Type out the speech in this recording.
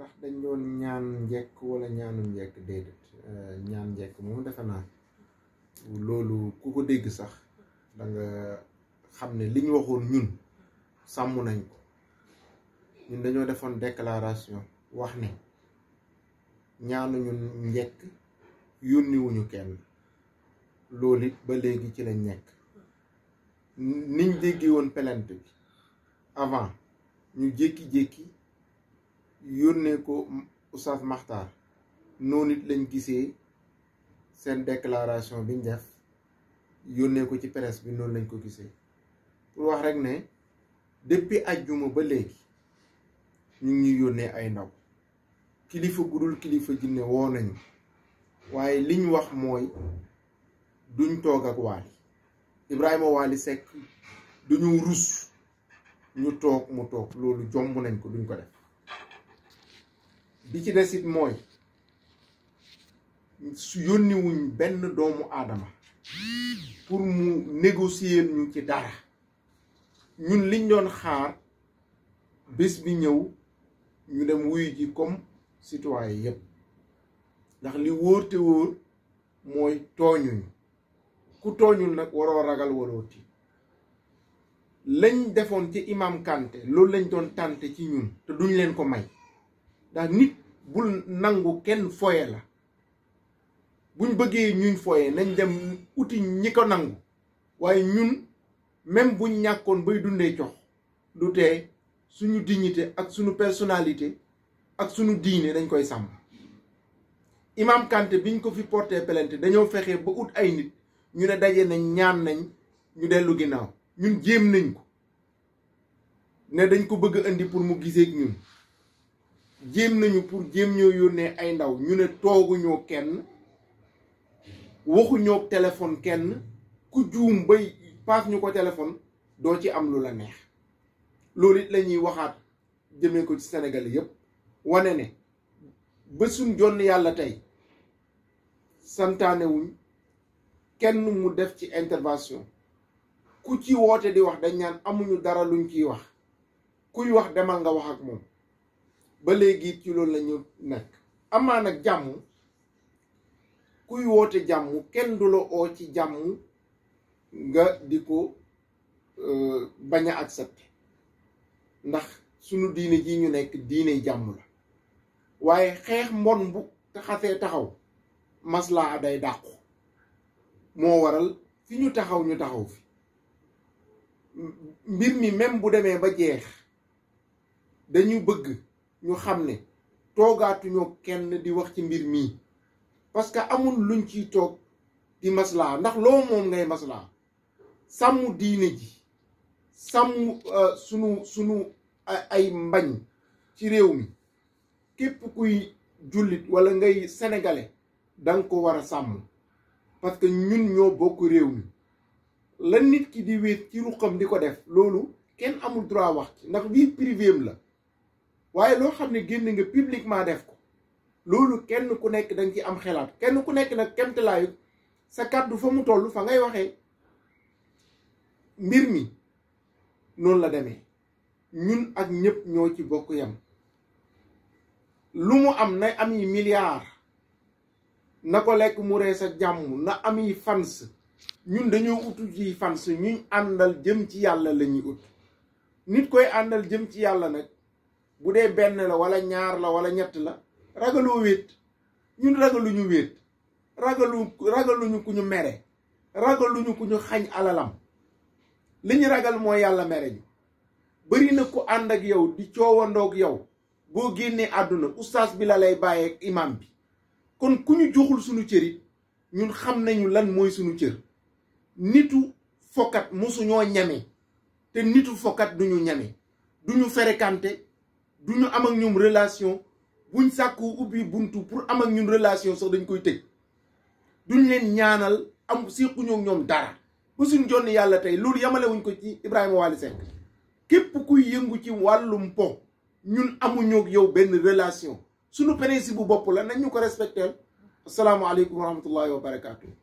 ndax dañ doon ñaan njekk wala ñaanum njekk déedéet euh, ñaan njekk moom defe naa loolu ku ko dégg sax danga xam ne li ñu waxoon ñun sàmm nañ ko ñun dañoo defoon déclaration wax ne ñaanuñu njekk yónniwuñu kenn loolu it ba léegi ci lañ nekk niñ déggee woon plainte bi avant ñu jékki-jékki yónnee ko Oustaz Makhtar noonu it lañ gisee seen déclaration biñ def yónnee ko ci presse bi noonu lañ ko gisee pour wax rek ne depuis ajjuma ba léegi ñu ngi yónnee ay ndaw kilifa gudul kilifa jinne woo nañu waaye liñ wax mooy duñ toog ak Waly Ibrahima Waly Seck duñu rus ñu toog mu toog loolu jomb nañ ko duñ ko def bi ci des it mooy yónniwuñ benn doomu aadama pour mu négocier ñu ci dara ñun liñ doon xaar bés bi ñëw ñu dem wuyu ji comme citoyen yépp ndax li wóor te wóor mooy tooñuñu ku tooñul nag waroo ragal waroo tiit lañ defoon ci imam Kanté loolu lañ doon tànte ci ñun te duñ leen ko may ndax nit bul nangu kenn foye la buñ bëggee ñuñ foye nañ dem uti ñi ko nangu waaye ñun même buñ ñàkkoon bay dundee cox du tee suñu dignité ak suñu personnalité ak suñu diine dañ koy sàmm imam Kanté biñ ko fi porté plainte dañoo fexee ba ut ay nit ñu ne daje nañ ñaan nañ ñu dellu ginnaaw ñun jéem nañ ko ne dañ ko bëgg indi pour mu gisee ak ñun jéem nañu pour jéem ñoo yónnee ay ndaw ñu ne tooguñoo kenn waxuñoo téléphone kenn ku juum bay paas ñu ko téléphone doo ci am lu la neex loolu it la waxaat jëme ko ci Sénégal yépp wane ne ba jonn yàlla tey santaanewuñ kenn mu def ci intervention ku ci woote di wax dañ ñaan amuñu dara luñ ciy wax kuy wax demal nga wax ak moom ba léegi ci loolu la ñu nekk amaa nag jàmm kuy woote jàmm kenn du la oo ci jàmm nga di ko euh, bañ a accepté ndax sunu diine ji ñu nekk diine jàmm la waaye xeex mbon bu xasee taxaw maslaa day dàqu moo waral fi ñu taxaw ñu taxaw fi mbir mi même bu demee ba jeex dañu bëgg ñu xam ne toogaatuñoo kenn di wax ci mbir mii parce que amul luñ ciy toog di maslaa ndax loo moom ngay maslaa sàmm diine ji sàmm euh, sunu sunu ay mbañ ci réew mi képp kuy jullit walla ngay sénégalais danga ko war a sàmm parce que ñun ñoo bokk réew mi la nit ki di wéet ci ruqam di ko def loolu kenn amul droit wax ci ndax vie privée la waaye loo xam ne génn nga publiquement def ko loolu kenn ku nekk da nga ci am xelaat kenn ku nekk nag kemtalaayu sa kàddu fa mu toll fa ngay waxee mbir mi noonu la demee ñun ak ñëpp ñoo ci bokk yam lu mu am na am yi na ko lekk mu rees ak jàmm na am yi fans ñun dañoo ut ci fans ñu àndal jëm ci yàlla lañuy ut nit koy àndal jëm ci yàlla nag bu dee benn la wala ñaar la wala ñett la ragaloo wéet ñun ragaluñu wéet ragalu ragaluñu ku ñu mere ragaluñu ku ñu xañ alalam li ñu ragal mooy yàlla mere ñu bëri na ku ànd ak yow di coowandoog yow boo génnee àdduna ustaas bi la lay bàyyeeg imam bi kon ku ñu joxul suñu cër ñun xam nañu lan mooy suñu cër nitu fokkat mosuñoo ñame te nitu fokkat duñu ñame duñu ferekante Doun yon amang yon relasyon, bun sakou ou bi bun tou, pou amang yon relasyon sot den kouten. Doun yon nyanal, si koun yon yon dara. Moussou yon yon yalatay, loul yamalew yon kouti, Ibrahim wale zek. Kip pou kou yon gouti wale lompon, yon amang yon yon ben relasyon. Soun nou penesibou bop pou la, nan yon ko respekten. Salam aleikum wa rahmatullahi wa barakatuh.